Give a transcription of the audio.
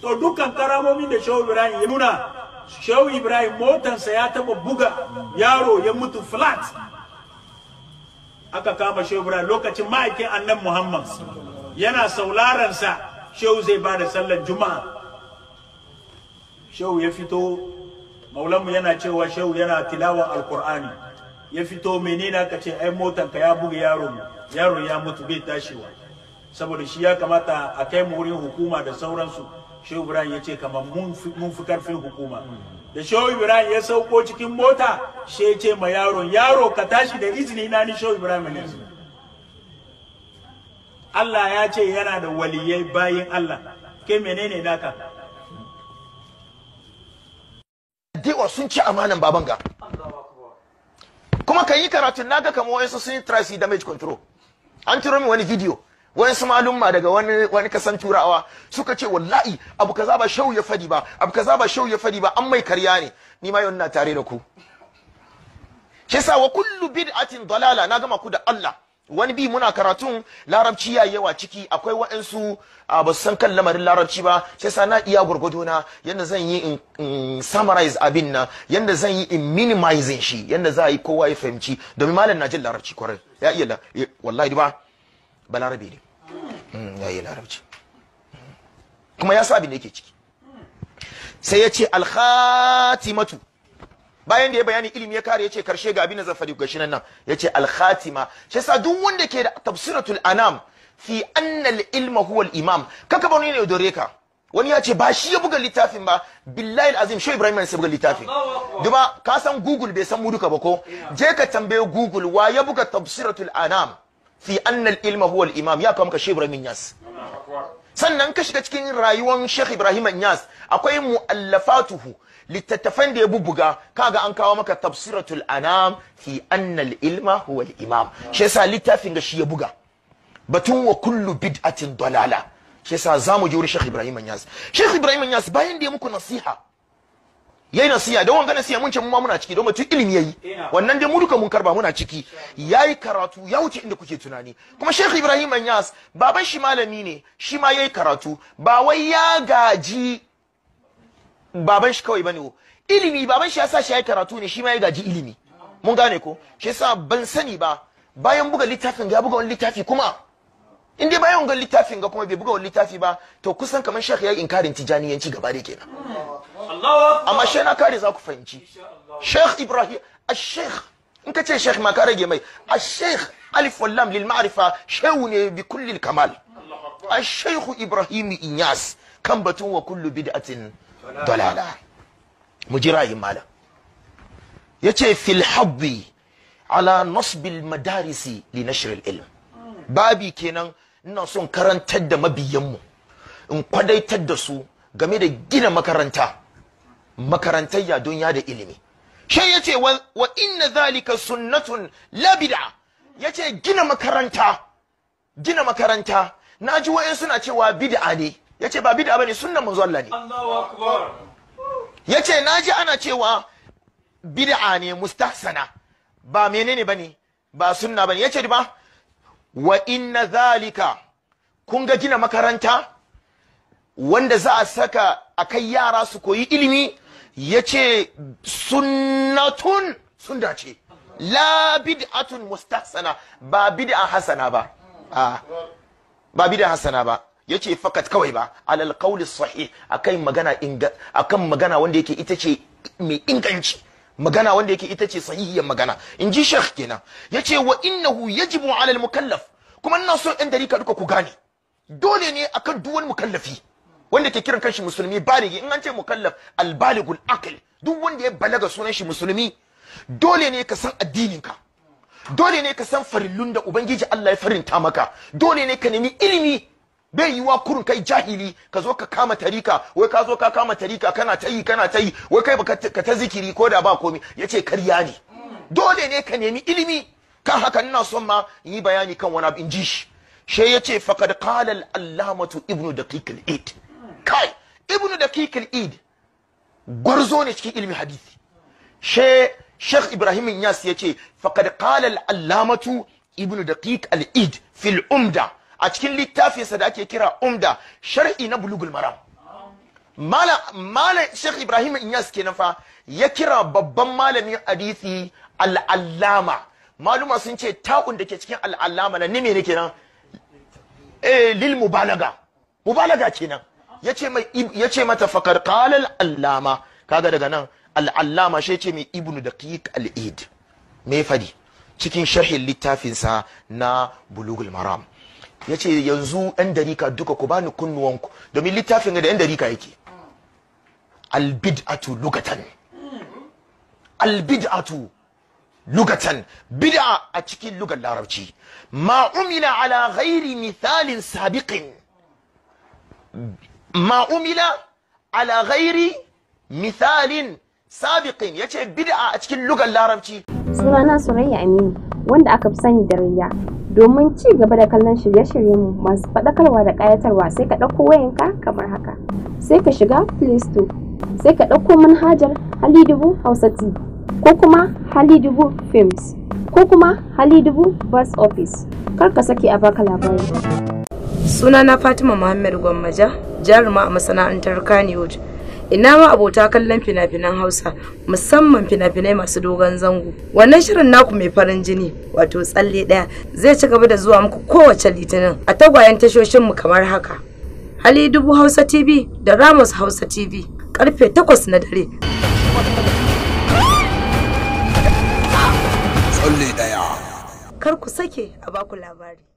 to dukkan karamomin da shehu ibrahim ya nuna shehu ibrahim motansa ya taba buga yaro ya mutu flat aka kama shehu ibrahim lokacin ma'aikin annan muhammad yana saularansa shehu zai ba da sallar juma'a shehu ya fito maulanmu yana cewa shehu yana tilawa alkur'ani ya fito menene aka ce ai motanka ya buga yaro yaro ya mutu bai tashiwa saboda shi ya kamata a kai mu wurin hukuma da sauransu shehu ibrahim ya ce kamar mun fi karfin hukuma da shehu ibrahim ya sauko cikin mota she ya ce ma yaron yaro ka tashi da izini na ni shehu ibrahim ne Allah ya ce yana da waliyai bayin Allah ke menene naka dewa sun ci amanan baban ga kuma kan yi karatun naga kamar wayansu sun yi tracy damage control an turo min wani video Wasu malumma daga wani wani kasan turawa suka ce wallahi abu kaza ba shau ya fadi ba abu kaza ba shau ya fadi ba an mai karya ne ni ma yau ina tare da ku yasa wa kullu bid'atin dalala na gama ku da Allah wani bi muna karatun larabci ya yawa ciki akwai waɗansu ba san kan lamarin larabci ba sai sa na iya gwargwado na yadda zan yi in summarize abin na yadda zan yi in minimizing shi yadda za a yi kowa ya fahimci domin malam na jin larabci kwarai ya iya wallahi ba balarabe ne yayi hmm, larabci kuma ya sa abin da yake ciki sai ya ce alkhatimatu bayan da ya bayani ilimi ya kare ya ce karshe ga abin da zan faɗi nan yace ya ce shi sa duk wanda ke da tafsiratul anam fi annal ilma huwa imam kaka ba ne dore ka wani ya ce ba shi ya buga littafin ba billahi azim shi ibrahim ya buga littafin duba ka san google bai san mu duka ba ko je ka tambaye google wa ya buga tafsiratul anam fi annal ilma huwa al-imam ya kawo maka Sheikh Ibrahim sannan ka shiga cikin rayuwar Sheikh Ibrahim Yas akwai muallafatuhu littattafan da ya bubuga kaga an kawo maka tafsiratul anam fi annal ilma huwa al-imam shi yasa littafin ga shi ya buga batun wa kullu bid'atin dalala shi yasa zamu je wurin Sheikh Ibrahim Yas Sheikh Ibrahim Yas bayan da ya muku nasiha yayi nasiya don wanga nasiya mun ce mun ma muna ciki don mutum ilimi yayi wannan dai mu duka mun karba muna ciki yayi karatu ya wuce inda kuke tunani kuma Sheikh Ibrahim Anyas baban shi malami ne shi ma yayi karatu ba wai ya gaji baban shi kawai bane ilimi baban shi ya sa shi yayi karatu ne shi ma ya gaji ilimi mun gane ko shi yasa ban sani ba bayan buga littafin ga buga wani littafi kuma in dai bayan ga littafin ga kuma bai buga wani littafi ba to kusan kamar shekh ya inkarin tijaniyanci gaba da kenan amma shi na kare za ku fahimci shekh ibrahim a shekh in ka ce shekh ma ka rage mai a shekh alif wallam lil ma'rifa shehu ne bi kullil kamal a shekhu ibrahim inyas kan batun wa kullu bid'atin dalala mu ji yin malam yace fil habbi ala nasbil madarisi li nashr al ilm babi kenan ina son karantar da mabiyanmu in kwadaitar da su game da gina makaranta makarantar ya dunya da ilimi shi ya ce wa inna zalika sunnatun labida ya ce gina makaranta gina makaranta na ji wa'in suna cewa bid'a ne ya ce ba bid'a bane sunnan manzo Allah ne ya ce na ji ana cewa bid'a ne mustahsana ba menene ba ne? ba sunna ne ya ce ba wa inna zalika kun ga gina makaranta wanda za a saka a kai yara su koyi ilimi ya ce sunnatun sun dace la bid'atun mustahsana ba bid'a hasana ba ba bid'a hasana ba yace fakat kawai ba alal qawli sahih akan magana akan magana wanda yake ita ce mai inganci magana wanda yake ita ce sahihiyar magana in ji shekh kenan ya ce wa innahu yajibu alal mukallaf kuma ina so yan ka duka ku gane dole ne akan duwan mukallafi wanda ke kiran kanshi musulmi baligi in an ce mukallaf baligul aql duk wanda ya balaga sunan shi musulmi dole ne ka san addinin ka dole ne ka san farillun da ubangiji Allah ya farinta maka dole ne ka nemi ilimi bai yiwa kurun kai jahili ka zo ka kama tarika wai ka zo ka kama tarika kana ta yi kana ta yi wai kai ka ta zikiri ko da ba komi yace karya ne dole ne ka nemi ilimi kan haka ina son ma yi bayani kan wani abu ji shi yace faqad qala al-allamatu ibnu daqiq al-id kai ibnu daqiq al-id gwarzo ne cikin ilmi hadisi she Sheikh Ibrahim yasi yace faqad qala al-allamatu ibnu daqiq al-id fil umda a cikin littafinsa da ake kira umda shar'i na bulugul maram malam sheikh ibrahim inyas kenan fa ya kira babban malamin hadisi al'allama maluma sun ce ta'un da ke cikin al'allama na nime ne kenan eh lil mubalaga mubalaga kenan yace mai yace mata fakar qala allama kaga daga nan al'allama shi ce mai ibnu daqiq al'id me fadi cikin sharhin littafinsa na bulugul maram ya ce yanzu yan darika duka ku bani kunnuwanku domin littafin da yan darika yake albid'atu lugatan albid'atu lugatan bid'a a cikin lugar larabci ma umila ala ghairi mithalin sabiqin ma umila ala ghairi mithalin sabiqin yace bid'a a cikin lugar larabci sunana surayya aminu wanda aka fi sani da riya domin ci gaba da kallon shirye-shiryenmu masu faɗakarwa da ƙayatarwa sai ka ɗauko wayanka kamar haka sai ka shiga play sai ka ɗauko manhajar halidubu hausa tv ko kuma halidubu films ko kuma dubu bus office kar ka sake a baka labari sunana fatima muhammad gwammaja jaruma a masana'antar kannywood ina ma abota kallon fina-finan hausa musamman fina-finai masu dogon zango wannan shirin naku mai farin jini wato tsalle ɗaya zai ci gaba da zuwa muku kowace litinin a tagwayen tashoshin mu kamar haka hali dubu hausa tv da ramos hausa tv karfe 8 na dare tsalle ɗaya kar ku sake a baku labari